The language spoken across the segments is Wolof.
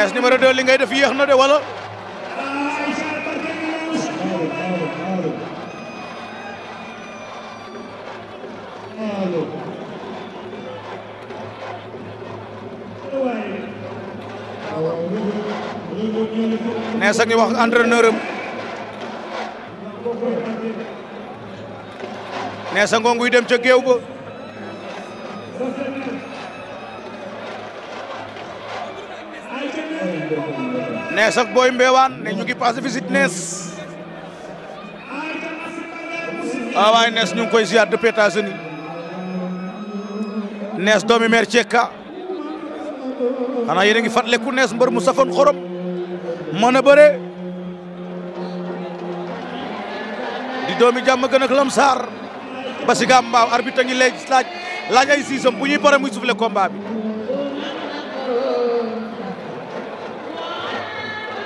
Ness numéro 2 li ngay def yéex na de wala. Ness a ngi wax entraîneur am. Ness a ngoonguy dem ca géew nees ak booy mbeewaan ne ñu ngi passé visite nees ah, waaw nees ñu ngi koy ziar depuis États-Unis nees doomi meer Cekka xanaa yéen a ngi fàttaliku nees mbar mu safoon xorom mën a bëre di doomi jàmm gën ak lamsaar ba si gàmbaaw arbitre a ngi lay laaj laaj ay siisam bu ñuy pare muy soufflé combat bi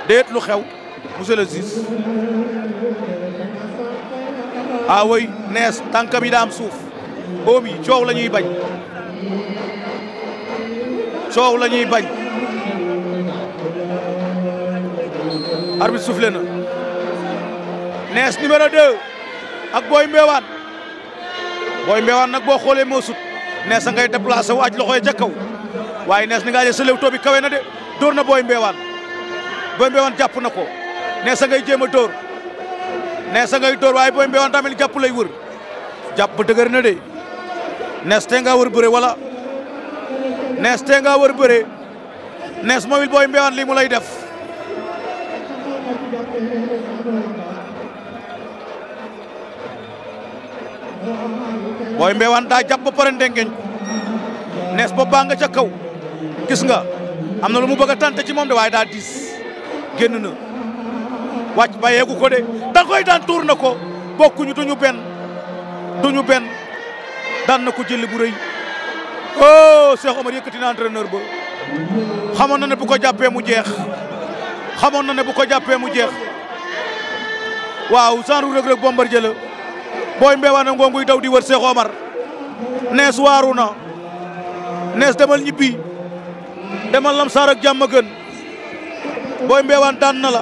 déet lu xew monsieur le juge awoy ah nees tànkam yi daam suuf oom coow la ñuy bañ coow la ñuy bañ arbitre soufflé na nees numéro 2 ak booy mbeewaan booy mbeewaan nag boo xoolee moo sut nees a ngay déplacé wu aj loxo yi ca kaw waaye nees ni ngaa jël sa léew too bi kawe na de dóor na booy mbeewaan Boy Mbeewane jàpp na ko nee sa ngay jéem a dóor nee sa ngay dóor waaye Boy Mbeewane tamit jàpp lay wër jàpp dëgër na de nees te nga wër bëre wala nees te nga wër bëre nees mobile booy Mbeewane lii mu lay def Boy wan daa jàpp ba pare ndengeñ nees boppaa nga ca kaw gis nga am na lu mu bëgg a tante ci moom de waaye daa diis génn na wàcc bàyyeeku ko de da daan tuur na ko bokkuñu duñu benn duñu benn daan na ko jëli bu rëy oh Cheikh Omar yëkkati na entraîneur ba xamoon na ne bu ko jàppee mu jeex xamoon na ne bu ko jàppee mu jeex waaw genre Reug Reug Bombardier la booy mbeewaana di wër Cheikh Omar nees waaru na nees demal ñibbi demal lam saar ak Boy Mbewaan daan na la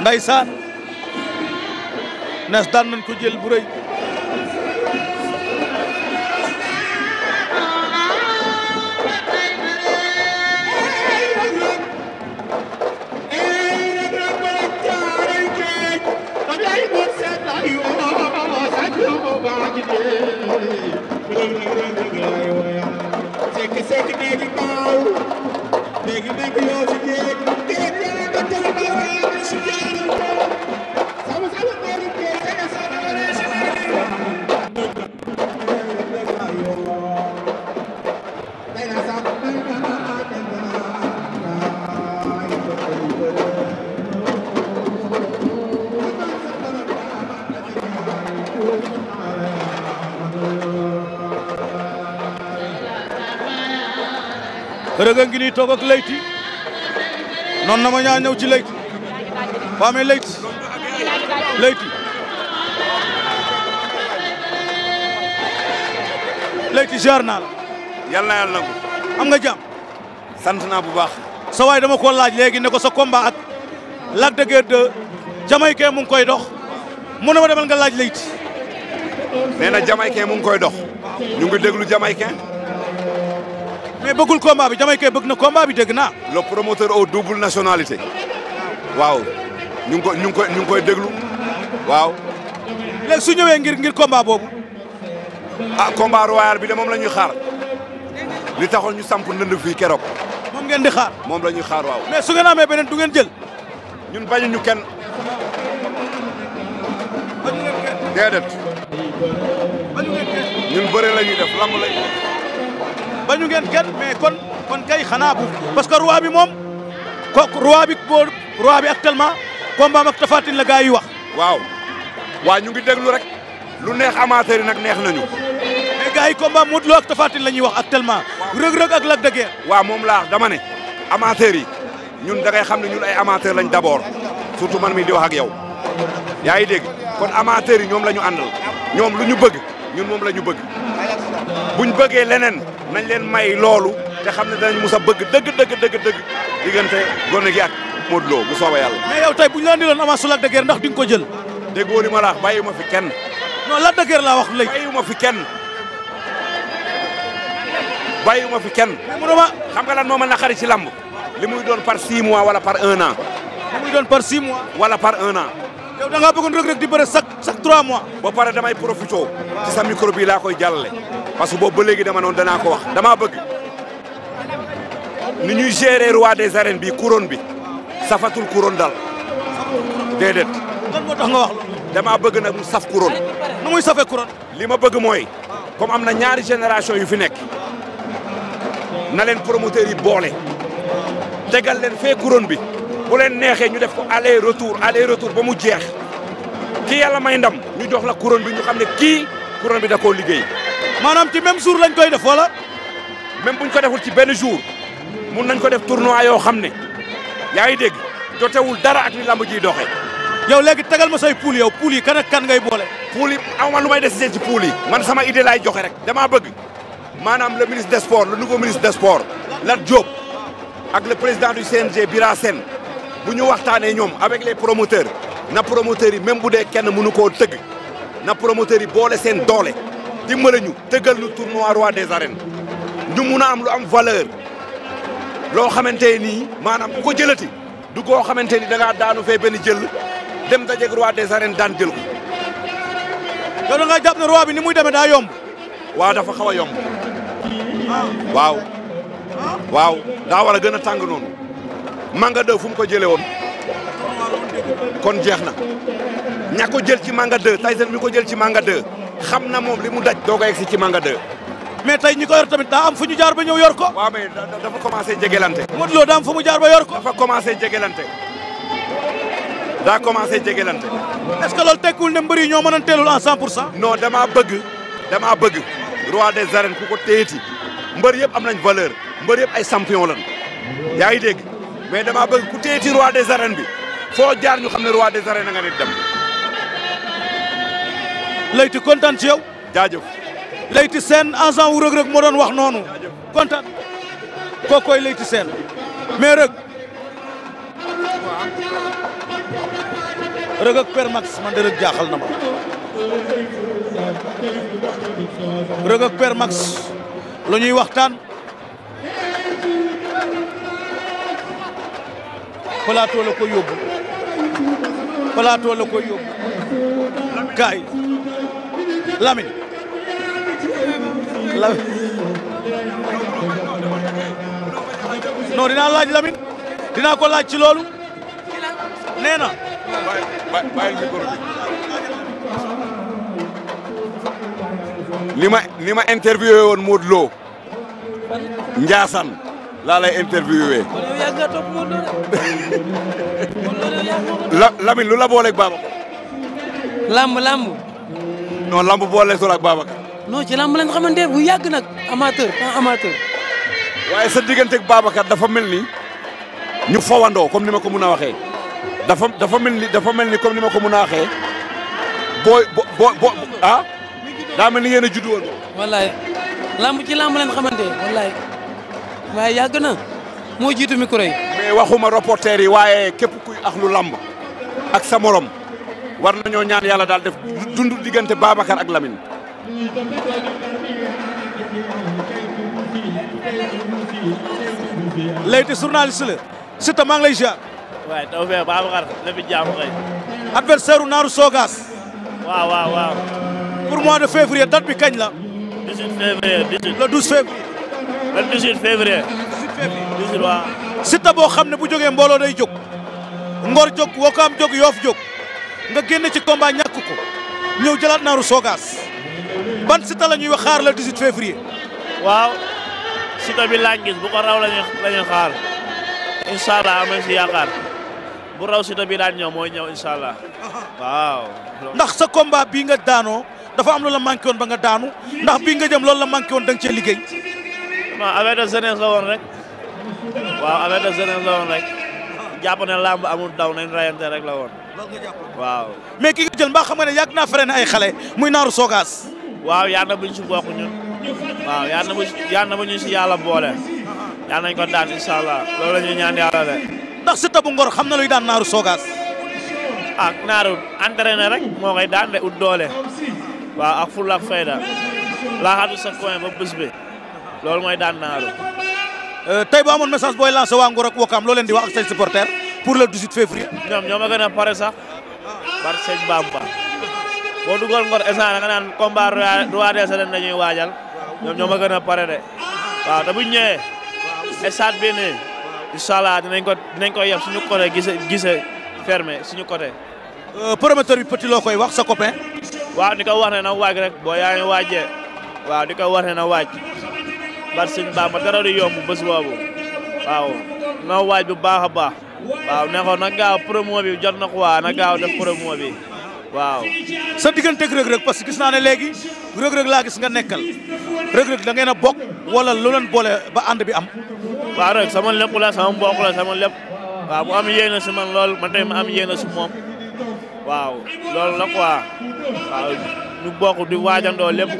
ndeysaan nees daan nañ ko jël bu Thank you. get. Get get get get down, down, down, down. rëgg ngi nii toog ak Leyti noonu na ma ñaa ñëw ci Leyti waa mais Leyti Leyti Leyti jaar naa la. yal na yàlla am nga jàmm. sant naa bu baax. sa waay dama ko laaj léegi ne ko sa combat ak Lac de Guiers 2 Jamaïcain ngi koy dox mu ne ma demal nga laaj Leyti. nee na Jamaïcain mu ngi koy dox. ñu ngi déglu Jamaïcain. mais bëggul combat bi damay koy bëgg na combat bi dégg naa. le promoteur au double nationalité. waaw ñu ko koy ñu ngi ko ñu ngi koy déglu waaw. léegi su ñëwee ngir ngir combat boobu. ah combat royal bi de moom la ñuy xaar li taxoon ñu samp ndënd fii keroog. moom ngeen di xaar. moom la ñuy xaar waaw. mais su ngeen amee beneen du ngeen jël. ñun bañu ñu kenn. bañu ngeen kenn. déedéet. bañu ñun bëre la ñuy def lamb lay. bañu ngeen kenn mais kon kon kay xanaa bu parce que roi bi moom kok roi bi boo roi bi actuellement combat ak Tapha Tine la yi wax. waaw waa ñu ngi déglu rek lu neex amateur yi nag neex nañu. mais gars yi combat Modou Lo ak Tapha Tine la ñuy wax actuellement. rëg-rëg ak Lac de waa moom laa dama ne amateur yi ñun da ngay xam ne ñun ay amateur lañ d'abord surtout man mi di wax ak yow yaa ngi dégg kon amateur yi ñoom lañu ñu àndal ñoom lu ñu bëgg ñun moom la ñu bëgg buñ leneen. nañu leen may loolu te xam ne danañ mus a bëgg dëgg dëgg dëgg dëgg diggante gone gi ak Modou Lo bu soobee yàlla. mais yow tey bu ñu la indiloon avance su Lac de Guiers ndax di nga ko jël. déggoo li ma la wax bàyyi ma fi kenn. non Lac de Guiers laa wax léegi. bàyyi ma fi kenn. bàyyi ma fi kenn. xam nga lan moo ma naqari ci lamb li muy doon par 6 mois wala par 1 an. li muy doon par 6 mois. wala par 1 yow da ngaa bëggoon Reug Reug di bëre chaque chaque trois mois. ba pare damay profité. ci sa micro bi laa koy jàllale. parce que boobu ba léegi dama noonu danaa ko wax damaa bëgg ni ñuy gérer roi des arènes bi couronne bi safatul couronne dal déedéet. lan nga wax loolu. damaa bëgg nag mu saf couronne. nu muy safee couronne. li ma bëgg mooy comme am na ñaari génération yu fi nekk na leen promoteurs yi boole tegal leen fee couronne bi. bu leen neexee ñu def ko aller retour aller retour ba mu jeex ki yàlla may ndam ñu jox la couronne bi ñu xam ne kii couronne bi da koo liggéey. maanaam ci même jour lañ koy def wala. même buñ ko deful ci benn jour mun nañ ko def tournoi yoo xam ne yaa ngi dégg jotewul dara ak ni lamb jiy doxee. yow léegi tegal ma say poul yow poul yi kan kan ngay boole. poul yi aw ma lu may des décider ci poul yi. man sama idée joxe rek damaa bëgg maanaam le ministre des sports le nouveau ministre des sports Lat Diop ak le président CNG Bira Sène bu ñu waxtaanee ñoom avec les promoteurs na promoteurs yi même bu dee kenn mënu koo tëgg na promoteurs yi boole seen doole dimbale ñu tëggal ñu tournoi roi des arènes ñu mun a am lu am valeur loo xamante nii maanaam ku ko jëlati du koo xamante ni da daanu fee benn jël dem dajeeg roi des arènes daan jël ko. yow da ngaa jàpp bi ni muy demee daa yomb. waa dafa xaw a yomb. waaw. waaw daa war gën a tàng noonu. Manga 2 fu mu ko jëlee woon kon jeex na ña ko jël ci Manga 2 Tyson mi ko jël ci Manga 2 xam na moom li mu daj doo ko ci Manga 2. mais tey ñi ko yor tamit daa am fu ñu jaar ba ñëw yor ko. waaw mais dafa commencé jegelante. Modou Lo daa am fu mu jaar ba yor ko. dafa commencé jegelante. daa commencé jegelante. est-ce que loolu tekkul ne mbër yi ñoo mën a teelul en 100 pour cent. non damaa bëgg damaa bëgg. roi des arènes ku ko téyeti mbër yëpp am nañ valeur mbër yëpp ay champion yaa ngi dégg. mais dama bëgg ku téye ci roi des arènes bi foo jaar ñu xam ne roi des na nga ne dem. Leyti kontaan ci yow. jaajëf. Leyti seen agent wu Reug moo doon wax noonu. kontaan kooku koy Leyti Sène mais Reug. Reug ak Père Max man de jaaxal na ma. Reug ak Max lu waxtaan. plateau la ko yóbbu plateau la ko yóbbu kaay Lamine Lamine non dinaa laaj Lamine dinaa ko laaj ci loolu nee na li ma li ma interviewé woon Modou Lo Ndiassane la Lamine lu la booleeg Babacar. lamb lamb. non lamb booleeg solo ak noo non ci lamb lañ xamante bu yàgg nag amateur ah amateur. waaye sa digganteeg Babacar dafa mel ni. ñu fowandoo comme ni ma ko mun a waxee. dafa dafa mel ni dafa mel ni comme ni ma ko mun a waxee. booy bo bo ah. daa mel ni ngeen a juddu woon. wallaay lamb ci lamb lañ xamante wallaay waaye yàgg na moo jiitu micro yi. mais waxuma reporter yi waaye képp kuy axlu lamb. ak sa morom war nañoo ñaan yàlla daal def dund diggante Babacar ak Lamine. Leyti journaliste la Siteu maa ngi Naaru Sogas. waaw waaw waaw. pour mois de février date kañ la. 18 boo xam ne bu jógee mbooloo day jóg. ngor jóg am jog yof jog nga genn ci combat ñàkk ko jëlat jëlaat naaru soogaas ban sita lañuy ñuy xaar le 18 février. waaw sita bi lañ gis bu ko raw lañuy lañuy xaar inshallah allah am ci si bu raw sita bi daan ñew moy ñew inshallah allah waaw. ndax sa combat bi nga daano dafa am lu la manqué won ba nga daanu ndax bi nga jëm loolu la manqué won dang ci liggéey. non affaire de jeunesse la won rek waaw affaire de jeunesse la won rek jàpp ne amul daw nañ rayante rek la won ya, waaw. mais ki nga jël ba xam nga yak na naa ay xalé muy naru Sogas. waaw yal na buñ ci bokku ñun. waaw yal na bu yal na bu ñu si yàlla boole. yal nañ ko daan inshallah loolu la ñaan yalla de. ndax ci tabu Ngor xam na luy daan naru Sogas. ak ah, naru entraîneur rek mo ngay daan de ut doole. waaw ak fulak fayda la hadu sa coin ba bëss bi. loolu moy daan naru Euh, tay boo amone message boy lancer waa Ngor ak Wakaam loo leen di wax ak sen supporter pour le 18 février. ñom ñoma gëna paré sax bar sëñ Bamba boo dugal Ngor instant nga nan combat roi des sen la ñuy waajal ñoom ñoo ma gën waaw bu ñëwé ñëwee bi né inshallah dinañ ko dinañ ko yeb suñu côté gise gise fermé suñu côté. Euh, promoteur bi petit loo koy wax sa copain. waaw di ko wax ne na waj rek bo yaa ngi waaw di ko wax na waj bar sëñ Bamba dara du yomb bés waaw noo waaj bu baax a baax waaw ne na gaaw promo bi jot na ko waa na gaaw def promo bi waaw. sa digganteeg rëg-rëg parce que gis naa ne léegi laa gis nga nekkal rëg-rëg da ngeen a bokk wala boole ba ànd bi am. waaw rek sama lépp la sama mbokk la sama lépp waaw mu am yéene si man lool man tamit ma am yéene si moom waaw loolu la quoi waaw ñu bokk di waajandoo lépp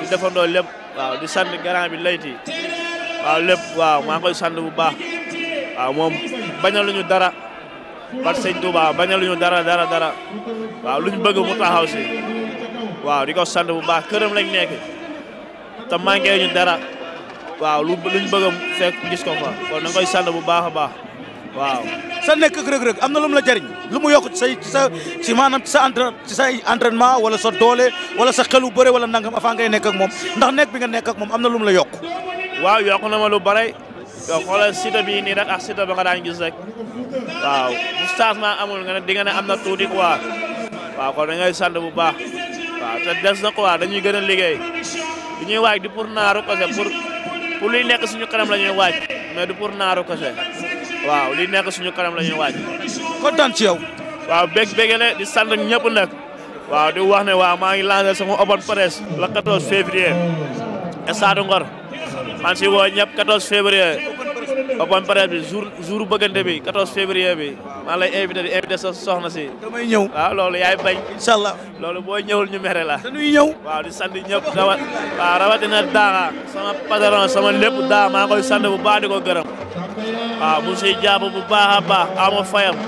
di defandoo lépp. waaw di sant grand bi layti waaw lépp waaw maa ngi koy sant bu baax waaw moom bañaluñu dara parce que sëñ Touba bañaluñu dara dara dara waaw luñ bëgg mu taxaw si waaw di ko sant bu baax këram lañ nekk te manqué ñu dara waaw luñ bëgg fekk gis ko fa kon na bu baax a baax waaw sa nekk ak rëg am na lu la jëriñ lu mu yokk ci say sa si maanaam ci sa entrain ci say wala sa doole wala sa xelu bëre wala nangam avant ngay nekk ak moom ndax nekk bi nga nekk ak moom am na lu la yokk waaw yokk na ma lu bare yow xoolal sita bii nii rek ak sita ba nga daan gis rek waaw bu changement amul nga ne di nga ne am na tuuti quoi waaw kon da ngay sant bu baax waaw te des na quoi dañuy gën a liggéey du ñuy waaj di pour naaru kese pour pour luy nekk suñu kanam la ñuy waaj mais du pour naaru kese waaw li nekk suñu kanam la wajj waaj kontaan ci yow waaw bég bégele di sand ak ñepp nak waaw di wax ne waaw ma ngi lancer sama open press le 14 février stade Ngor man ci wo ñepp 14 février open press bi jour jour bëggante bi 14 février bi ma lay invité di invité sa soxna ci damay ñew waaw loolu yaay bañ inshallah loolu boy ñewul ñu méré la dañuy ñew waaw di sand ñepp rawat waaw rawat dina daara sama padaron sama lepp daama koy sand bu baax di ko gërëm waaw ah, mu bu baax a baax ama fayam du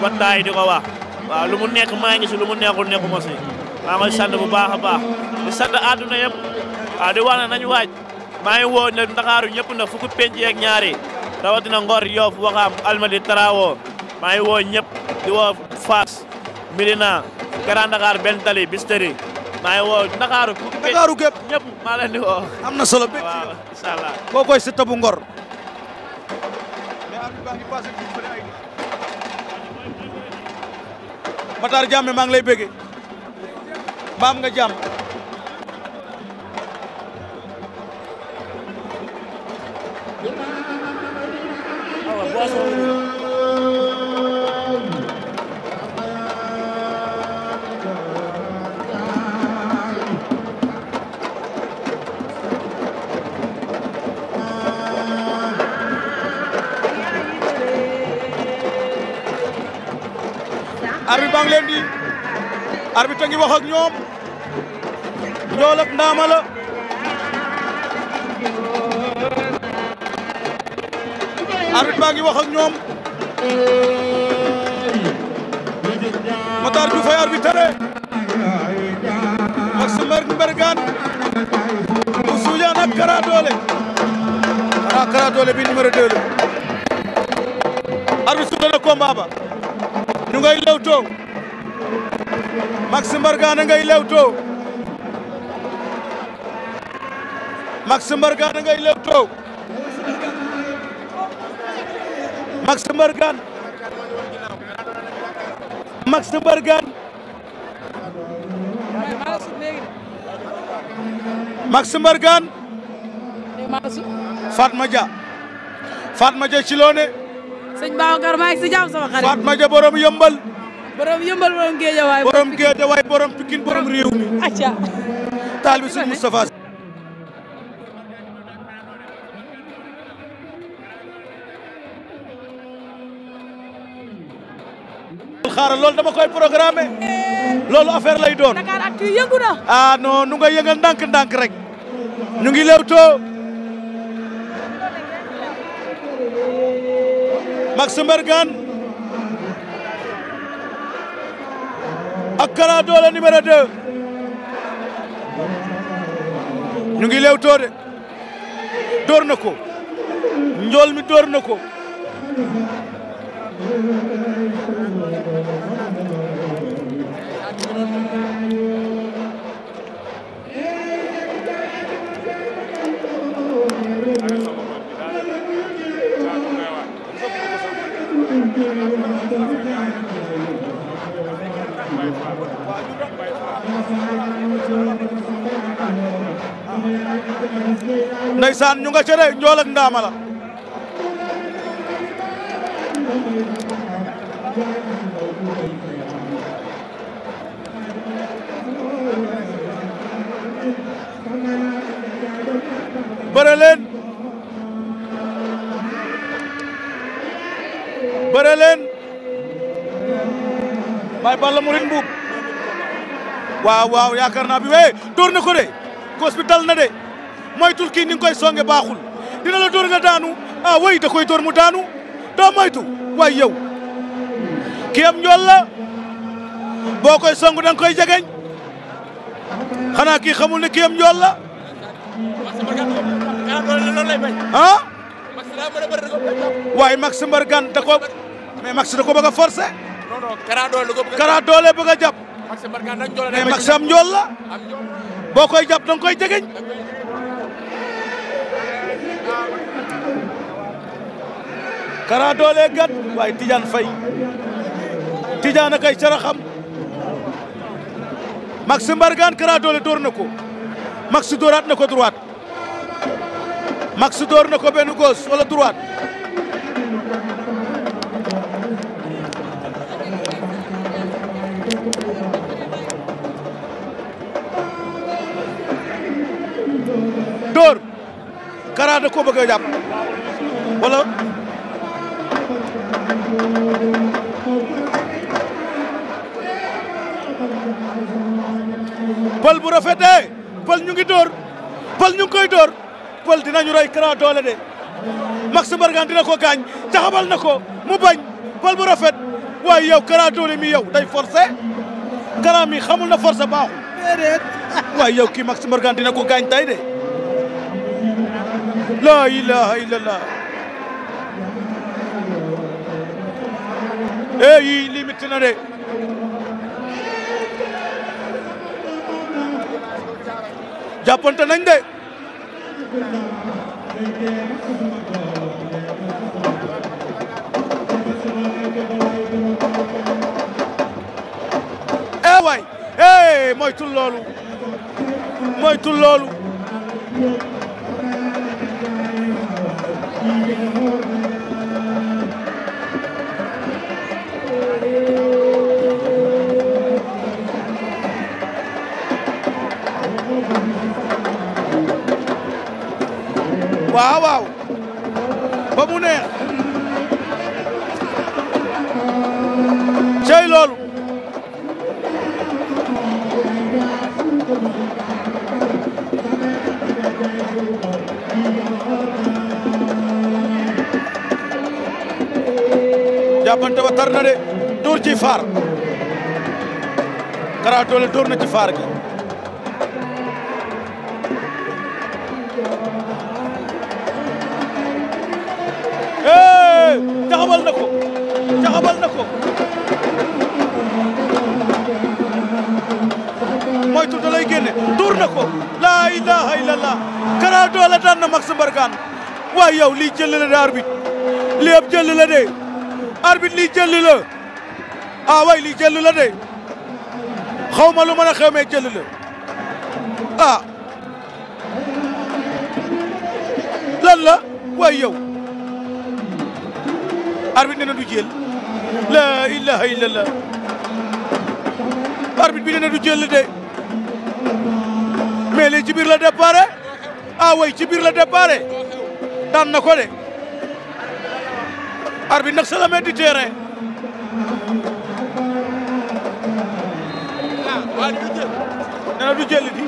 ma taay di ko wax waaw ah, lu mu nekk maa ngi si lu mu nekkul nekkuma si maa ngi sant bu baax baax di sant àdduna yëpp waaw di wax ne nañu waaj maa ngi woo ne Ndakaaru ñëpp na fukki penc yeeg ñaari rawatina Ngor Yoff Waxaam Almadi ah, Tarawo maa ngi woo ñëpp di woo Fass Medina Grand Dakar Benn Tali Bisteri maa ngi woo Ndakaaru fukki penc ñëpp maa leen di woo am na solo bég waaw incha allah koo koy si tabu Ngor arbitre baa ngi passé kii fële maa ngi lay bëggee mbaam nga jàmm ah arbitre ngi wax ak ñoom Ndiol ak Ndama baa ngi wax ak ñoom Matar Diouf ay arbitre ak su mbergaan bu suujaan ak Kara Dollé Kara Kara Dollé bi numéro 2 la arbitre su dana combat ba ñu ngay lewtoo Maxim Mbargane ngay lewtoo Max Mbargane ngay lewtoo Maxim Mbargane Maxim Mbargane Max Mbargane Fatma Dia Fatma Dia ci si sama xarit Fatma Dia borom yombal borom yëmbal borom géejawaay. borom géejawaay borom pikin borom réew mi. acca. taal bi suñu Moustapha. xaaral loolu dama koy programmé. loolu affaire lay doon. Dakaractu yëngu na. Ah, yëngal ndànk-ndànk rek. ñu ngi lewtoo. Max Mbergane. ak Kara Dollé numéro 2 ñu ngi leew too na ko njool mi door na ko ndeysaan ñu nga ca de njool ak ndaama la bëre leen bëre leen Baye Balla Mouride waaw waaw yaakaar naa bi wee dóor na ko de gos dal na de moytul kii ni koy songe baaxul dina la dóor nga daanu ah way da koy dóor mu daanu doo moytu waay yow kii am njool la boo koy song da koy jegeñ xanaa kii xamul ne kii am njool la ah waaye Max Mbargane da ko mais Max da non Kara Dollé ko bëgg a. Kara Dollé bëgg a jàpp. njool la. boo koy jàpp danga koy jegeñ. Kara Dollé gat waaye Tidiane Faye Tidiane a koy caraxam Max Mbargane Kara Dollé door na ko Max dooraat na ko droite Max door na ko benn gauche wala droite dóor Kara da koo bëgg a pël bu rafetee pël ñu ngi pël ñu koy dóor pël dinañu rey Kara doole de Max Mbargane dina ko gaañ taxabal na ko mu bañ pël bu rafet waaye yow Kara doole mi yow day forcé Kara mi xamul na forcé baaxul déedéet waaye yow kii Max Mbargane dina ko gaañ tay de laa ilaaha illallah ee eh, yii lii métti na de de ee eh, ee eh, moytul loolu moytul loolu waaw waaw ba mu neex cey loolu jàppante ba tar na de dóor ci faar Kara Dollé dóor na ci faar gi eh taxawal na ko taxawal na ko moytu da lay génne na ko laa ilaha illallah Kara Dollé daan na Max Mbargane waaye lii jël la de arbitre lii ab jël la de arbitre lii jël ah, de xaw ma lu mën a xew mais jël ah. arbitre nee na du jël laa ilaha illallah arbitre bi nee na du jël de mais léegi ci biir la déparé ah way ci biir la déparé daan ko de arbitre nag salamee di terrain waa na du jël di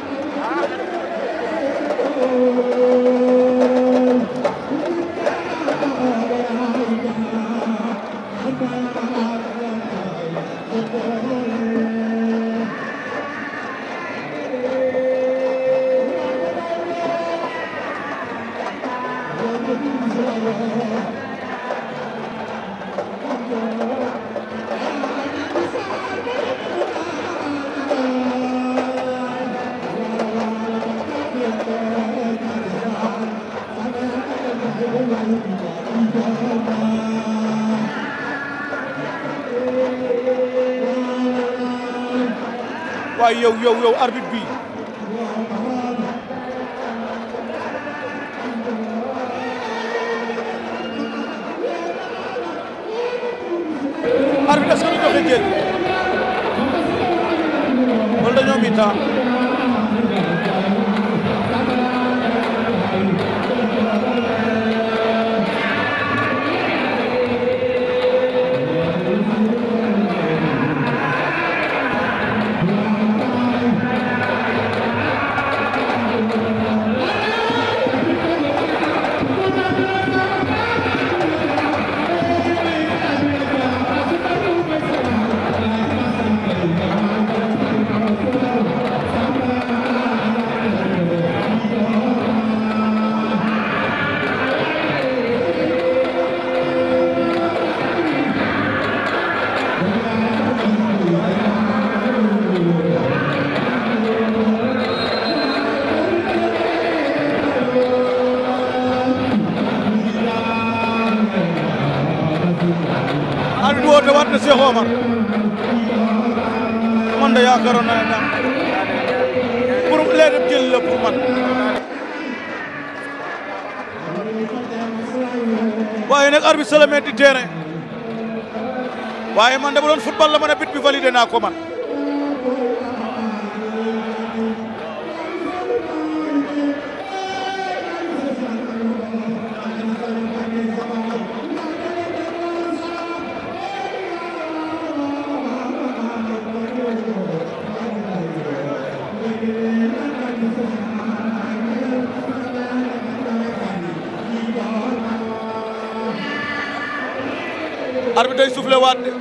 Yo yow yow yow arbitre bi la waaye nag arbitre sala metti terrain waaye man dama doon football la ma ne bit naa ko man. ngay soufflé waat de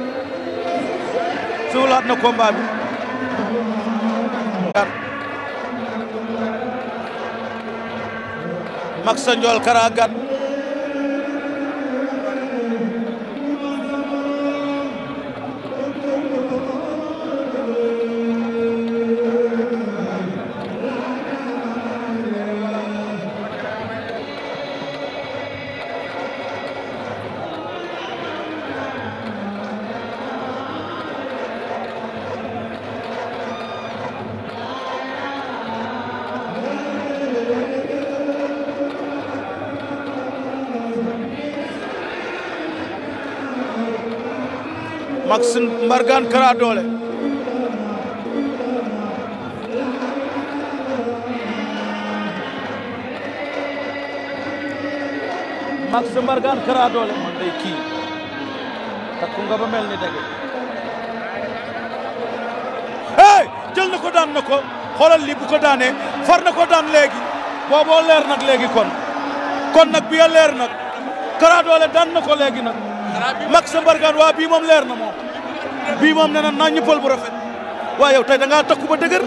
soufflé waat na combat bi. Max Kara Gane Mbargane Kara Dollé Max Mbargane Kara Dollé man day kii jël na ko daan na ko xoolal lii ko daanee far na ko daan léegi booboo leer nag léegi kon kon nag bi ya leer nag Kara Dollé daan na ko léegi nag Max Mbargane waa bii moom leer na moom bii moom nee na naa pël bu rafet waaye yow tey da ngaa takku ba dëgër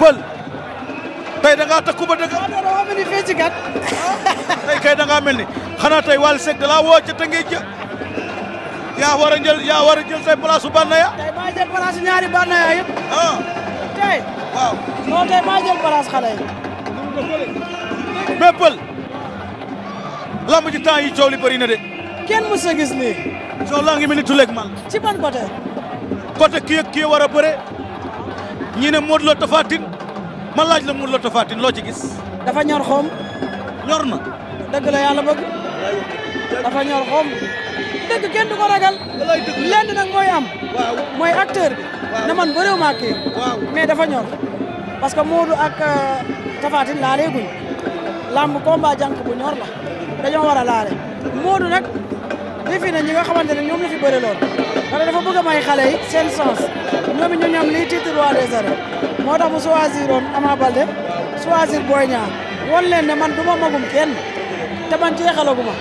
pël tey da ngaa ba dëgër. waaw mel ni kay da mel ni xanaa tey Wally Seck da laa woo ca Tëngéej ja yaa war jël yaa war jël say place su Banaya. tey maa jël place su ñaari Banaya yëpp. ah tey. waaw maa jël place xale yi. mais pël lamb ji temps yi coow de. kenn mës a gis nii. Joola ngi mel ni tuleeg man. ci ban côté. côté kii ak kii war a bëre ñi ne Modou Lo Tapha ma laaj la Modou Lo Tapha loo ci gis. dafa ñor xoom. ñor ma dëgg la yàlla bëgg. dafa ñor xoom. dëgg kenn du ko ragal. lenn nag mooy am. mooy acteur bi. na man bëriw ma kii. waaw mais dafa ñor. parce que Modou ak euh, Tapha Tine laaleeguñ. làmb combat jànk bu ñor la. dañoo war laale. Modou nag. defi na ñi nga xamante ne ñoom la fi bëri lool parce que dafa bëgg a may xale yi seen sens ñoom it ñu ñam lii titre roi des arènes moo tax mu roon a Ama Baldé choisir Boy ñaa woon leen ne man du ma magum kenn te man jeexalaguma